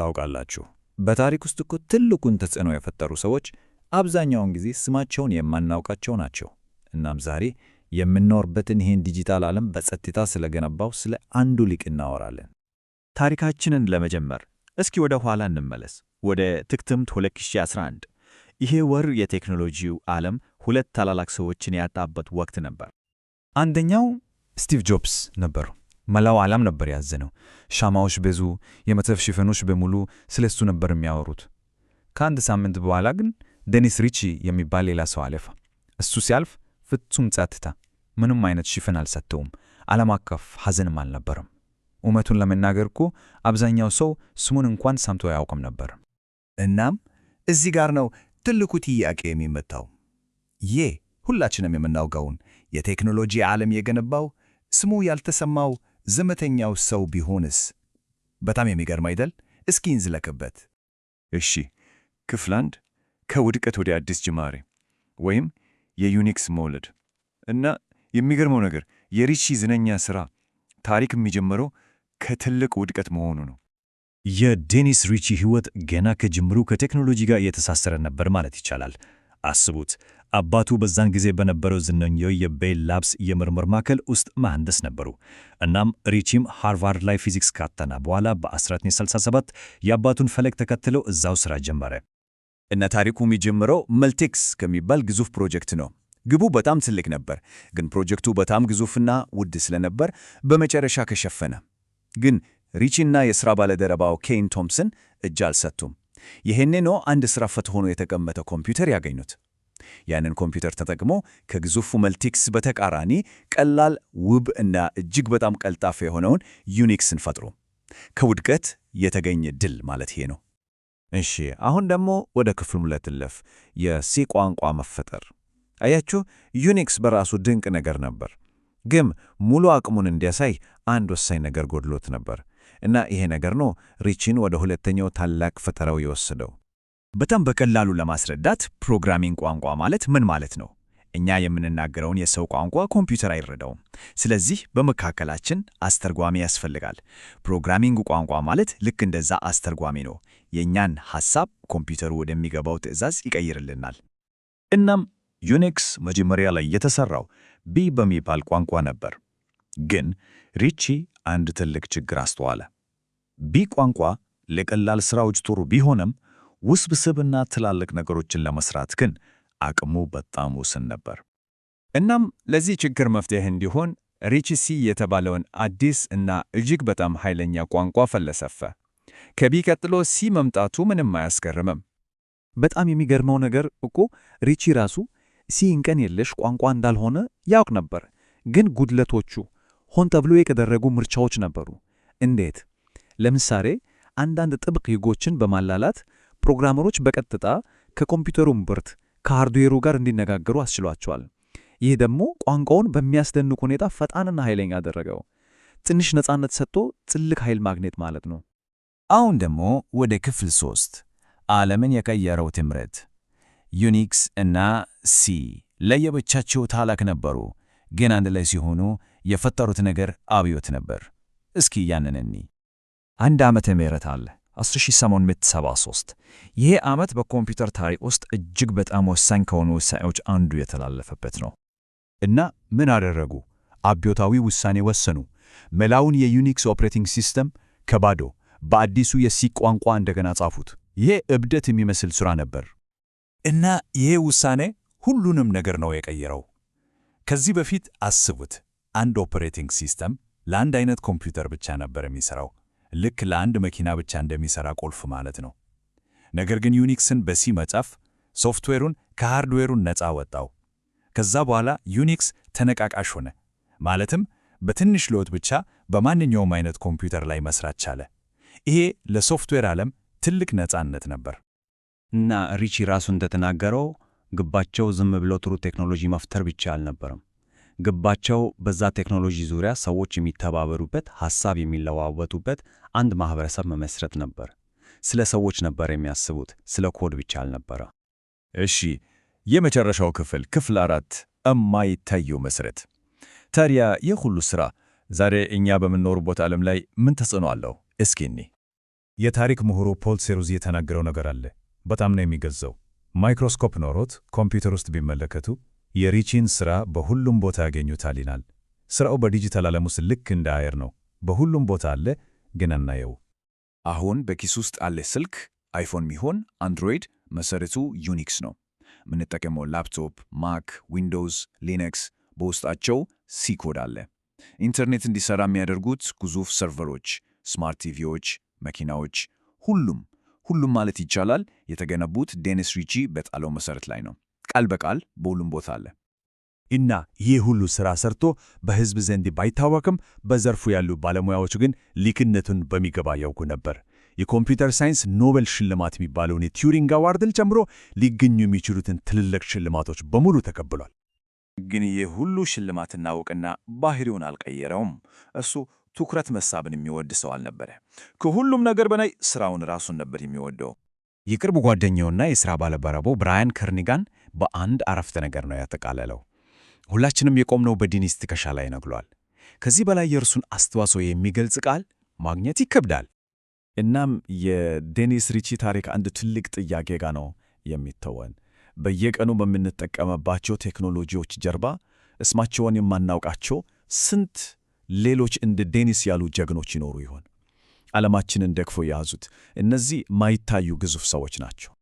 ታውቃላችሁ። በታሪክ ውስጥ እኮ ትልቁን ተጽዕኖ የፈጠሩ ሰዎች አብዛኛውን ጊዜ ስማቸውን የማናውቃቸው ናቸው። እናም ዛሬ የምንኖርበትን ይህን ዲጂታል ዓለም በጸጥታ ስለገነባው ስለ አንዱ ሊቅ እናወራለን። ታሪካችንን ለመጀመር እስኪ ወደ ኋላ እንመለስ፣ ወደ ትክትምት 2011። ይሄ ወር የቴክኖሎጂው ዓለም ሁለት ታላላቅ ሰዎችን ያጣበት ወቅት ነበር። አንደኛው ስቲቭ ጆብስ ነበሩ። መላው ዓለም ነበር ያዘነው። ሻማዎች በዙ። የመጽሐፍ ሽፋኖች በሙሉ ስለ እሱ ነበር የሚያወሩት። ከአንድ ሳምንት በኋላ ግን ደኒስ ሪቺ የሚባል ሌላ ሰው አለፈ። እሱ ሲያልፍ ፍጹም ጸጥታ፣ ምንም አይነት ሽፋን አልሰጠውም። ዓለም አቀፍ ሐዘንም አልነበረም። እውነቱን ለመናገር እኮ አብዛኛው ሰው ስሙን እንኳን ሰምቶ አያውቅም ነበር። እናም እዚህ ጋር ነው ትልቁ ጥያቄ የሚመጣው። ይህ ሁላችንም የምናውቀውን የቴክኖሎጂ ዓለም የገነባው ስሙ ያልተሰማው ዝምተኛው ሰው ቢሆንስ? በጣም የሚገርም አይደል? እስኪ እንዝለቅበት። እሺ፣ ክፍል አንድ ከውድቀት ወደ አዲስ ጅማሬ ወይም የዩኒክስ መውለድ እና የሚገርመው ነገር የሪቺ ዝነኛ ስራ ታሪክ የሚጀምረው ከትልቅ ውድቀት መሆኑ ነው። የዴኒስ ሪቺ ህይወት ገና ከጅምሩ ከቴክኖሎጂ ጋር እየተሳሰረ ነበር ማለት ይቻላል። አስቡት፣ አባቱ በዛን ጊዜ በነበረው ዝነኛው የቤል ላብስ የምርምር ማዕከል ውስጥ መሐንዲስ ነበሩ። እናም ሪቺም ሃርቫርድ ላይ ፊዚክስ ካጠና በኋላ በ1967 የአባቱን ፈለግ ተከትለው እዛው ሥራ ጀመረ። እና ታሪኩ የሚጀምረው መልቴክስ ከሚባል ግዙፍ ፕሮጀክት ነው። ግቡ በጣም ትልቅ ነበር፣ ግን ፕሮጀክቱ በጣም ግዙፍና ውድ ስለነበር በመጨረሻ ከሸፈነ። ግን ሪቺና የሥራ ባለደረባው ኬን ቶምሰን እጅ አልሰጡም። ይሄኔ ነው አንድ ስራ ፈት ሆኖ የተቀመጠ ኮምፒውተር ያገኙት። ያንን ኮምፒውተር ተጠቅሞ ከግዙፉ መልቲክስ በተቃራኒ ቀላል፣ ውብ እና እጅግ በጣም ቀልጣፋ የሆነውን ዩኒክስን ፈጥሮ ከውድቀት የተገኘ ድል ማለት ይሄ ነው። እሺ አሁን ደግሞ ወደ ክፍል ሁለት እንለፍ፣ የሲ ቋንቋ መፈጠር። አያችሁ ዩኒክስ በራሱ ድንቅ ነገር ነበር፣ ግን ሙሉ አቅሙን እንዲያሳይ አንድ ወሳኝ ነገር ጎድሎት ነበር። እና ይሄ ነገር ነው ሪቺን ወደ ሁለተኛው ታላቅ ፈጠራው የወሰደው። በጣም በቀላሉ ለማስረዳት ፕሮግራሚንግ ቋንቋ ማለት ምን ማለት ነው? እኛ የምንናገረውን የሰው ቋንቋ ኮምፒውተር አይረዳውም። ስለዚህ በመካከላችን አስተርጓሚ ያስፈልጋል። ፕሮግራሚንግ ቋንቋ ማለት ልክ እንደዛ አስተርጓሚ ነው። የእኛን ሐሳብ ኮምፒውተሩ ወደሚገባው ትዕዛዝ ይቀይርልናል። እናም ዩኒክስ መጀመሪያ ላይ የተሠራው ቢ በሚባል ቋንቋ ነበር። ግን ሪቺ አንድ ትልቅ ችግር አስተዋለ። ቢ ቋንቋ ለቀላል ስራዎች ጥሩ ቢሆንም ውስብስብና ትላልቅ ነገሮችን ለመስራት ግን አቅሙ በጣም ውስን ነበር። እናም ለዚህ ችግር መፍትሄ እንዲሆን ሪችሲ የተባለውን አዲስ እና እጅግ በጣም ኃይለኛ ቋንቋ ፈለሰፈ። ከቢ ቀጥሎ ሲ መምጣቱ ምንም አያስገርምም። በጣም የሚገርመው ነገር እኮ ሪቺ ራሱ ሲ እንከን የለሽ ቋንቋ እንዳልሆነ ያውቅ ነበር፣ ግን ጉድለቶቹ ሆን ተብሎ የተደረጉ ምርጫዎች ነበሩ። እንዴት? ለምሳሌ አንዳንድ ጥብቅ ሕጎችን በማላላት ፕሮግራመሮች በቀጥታ ከኮምፒውተሩ እምብርት ከሃርድዌሩ ጋር እንዲነጋገሩ አስችሏቸዋል። ይህ ደግሞ ቋንቋውን በሚያስደንቅ ሁኔታ ፈጣንና ኃይለኛ አደረገው። ትንሽ ነፃነት ሰጥቶ ትልቅ ኃይል ማግኘት ማለት ነው። አሁን ደግሞ ወደ ክፍል ሶስት ዓለምን የቀየረው ትምህርት ዩኒክስ እና ሲ ለየብቻቸው ታላቅ ነበሩ፣ ግን አንድ ላይ ሲሆኑ የፈጠሩት ነገር አብዮት ነበር። እስኪ ያንን እኒ አንድ ዓመተ ምህረት አለ 1873 ይሄ ዓመት በኮምፒውተር ታሪክ ውስጥ እጅግ በጣም ወሳኝ ከሆኑ ውሳኔዎች አንዱ የተላለፈበት ነው። እና ምን አደረጉ? አብዮታዊ ውሳኔ ወሰኑ። መላውን የዩኒክስ ኦፕሬቲንግ ሲስተም ከባዶ በአዲሱ የሲ ቋንቋ እንደገና ጻፉት። ይሄ እብደት የሚመስል ሥራ ነበር። እና ይሄ ውሳኔ ሁሉንም ነገር ነው የቀየረው። ከዚህ በፊት አስቡት አንድ ኦፕሬቲንግ ሲስተም ለአንድ አይነት ኮምፒውተር ብቻ ነበር የሚሰራው፣ ልክ ለአንድ መኪና ብቻ እንደሚሰራ ቁልፍ ማለት ነው። ነገር ግን ዩኒክስን በሲ መጻፍ ሶፍትዌሩን ከሃርድዌሩን ነፃ ወጣው። ከዛ በኋላ ዩኒክስ ተነቃቃሽ ሆነ፣ ማለትም በትንሽ ለውጥ ብቻ በማንኛውም አይነት ኮምፒውተር ላይ መስራት ቻለ። ይሄ ለሶፍትዌር ዓለም ትልቅ ነፃነት ነበር። እና ሪቺ ራሱ እንደተናገረው ግባቸው ዝም ብሎ ጥሩ ቴክኖሎጂ መፍጠር ብቻ አልነበረም ግባቸው በዛ ቴክኖሎጂ ዙሪያ ሰዎች የሚተባበሩበት፣ ሐሳብ የሚለዋወጡበት አንድ ማህበረሰብ መመስረት ነበር። ስለ ሰዎች ነበር የሚያስቡት፣ ስለ ኮድ ብቻ አልነበረ። እሺ፣ የመጨረሻው ክፍል ክፍል አራት እማይታየው መሰረት። ታዲያ ይህ ሁሉ ሥራ ዛሬ እኛ በምንኖርበት ዓለም ላይ ምን ተጽዕኖ አለው? እስኪ እኔ የታሪክ ምሁሩ ፖል ሴሩዝ የተናገረው ነገር አለ። በጣም ነው የሚገዛው። ማይክሮስኮፕ ኖሮት ኮምፒውተር ውስጥ ቢመለከቱ የሪቺን ሥራ በሁሉም ቦታ ያገኙታል ይናል። ሥራው በዲጂታል ዓለም ውስጥ ልክ እንደ አየር ነው። በሁሉም ቦታ አለ፣ ግን አናየው። አሁን በኪስ ውስጥ አለ ስልክ፣ አይፎን ሚሆን አንድሮይድ፣ መሠረቱ ዩኒክስ ነው። የምንጠቀመው ላፕቶፕ፣ ማክ፣ ዊንዶውስ፣ ሊነክስ፣ በውስጣቸው ሲኮድ አለ። ኢንተርኔት እንዲሠራ የሚያደርጉት ግዙፍ ሰርቨሮች፣ ስማርት ቲቪዎች፣ መኪናዎች፣ ሁሉም ሁሉም ማለት ይቻላል የተገነቡት ዴኒስ ሪቺ በጣለው መሠረት ላይ ነው። ቃል በቃል በሁሉም ቦታ አለ። እና ይህ ሁሉ ሥራ ሰርቶ በሕዝብ ዘንድ ባይታወቅም በዘርፉ ያሉ ባለሙያዎች ግን ሊክነቱን በሚገባ ያውቁ ነበር። የኮምፒውተር ሳይንስ ኖቤል ሽልማት የሚባለውን የቲዩሪንግ አዋርድን ጨምሮ ሊገኙ የሚችሉትን ትልልቅ ሽልማቶች በሙሉ ተቀብሏል። ግን ይህ ሁሉ ሽልማትና እውቅና ባህሪውን አልቀየረውም። እሱ ትኩረት መሳብን የሚወድ ሰው አልነበረ። ከሁሉም ነገር በላይ ሥራውን ራሱን ነበር የሚወደው። የቅርብ ጓደኛውና የሥራ ባልደረባው ብራያን ከርኒጋን በአንድ አረፍተ ነገር ነው ያጠቃለለው። ሁላችንም የቆምነው በዲኒስ ትከሻ ላይ ነው ከዚህ በላይ የእርሱን አስተዋጽኦ የሚገልጽ ቃል ማግኘት ይከብዳል። እናም የዴኒስ ሪቺ ታሪክ አንድ ትልቅ ጥያቄ ጋር ነው የሚተወን። በየቀኑ በምንጠቀምባቸው ቴክኖሎጂዎች ጀርባ እስማቸውን የማናውቃቸው ስንት ሌሎች እንደ ዴኒስ ያሉ ጀግኖች ይኖሩ ይሆን? ዓለማችንን ደግፎ የያዙት እነዚህ ማይታዩ ግዙፍ ሰዎች ናቸው።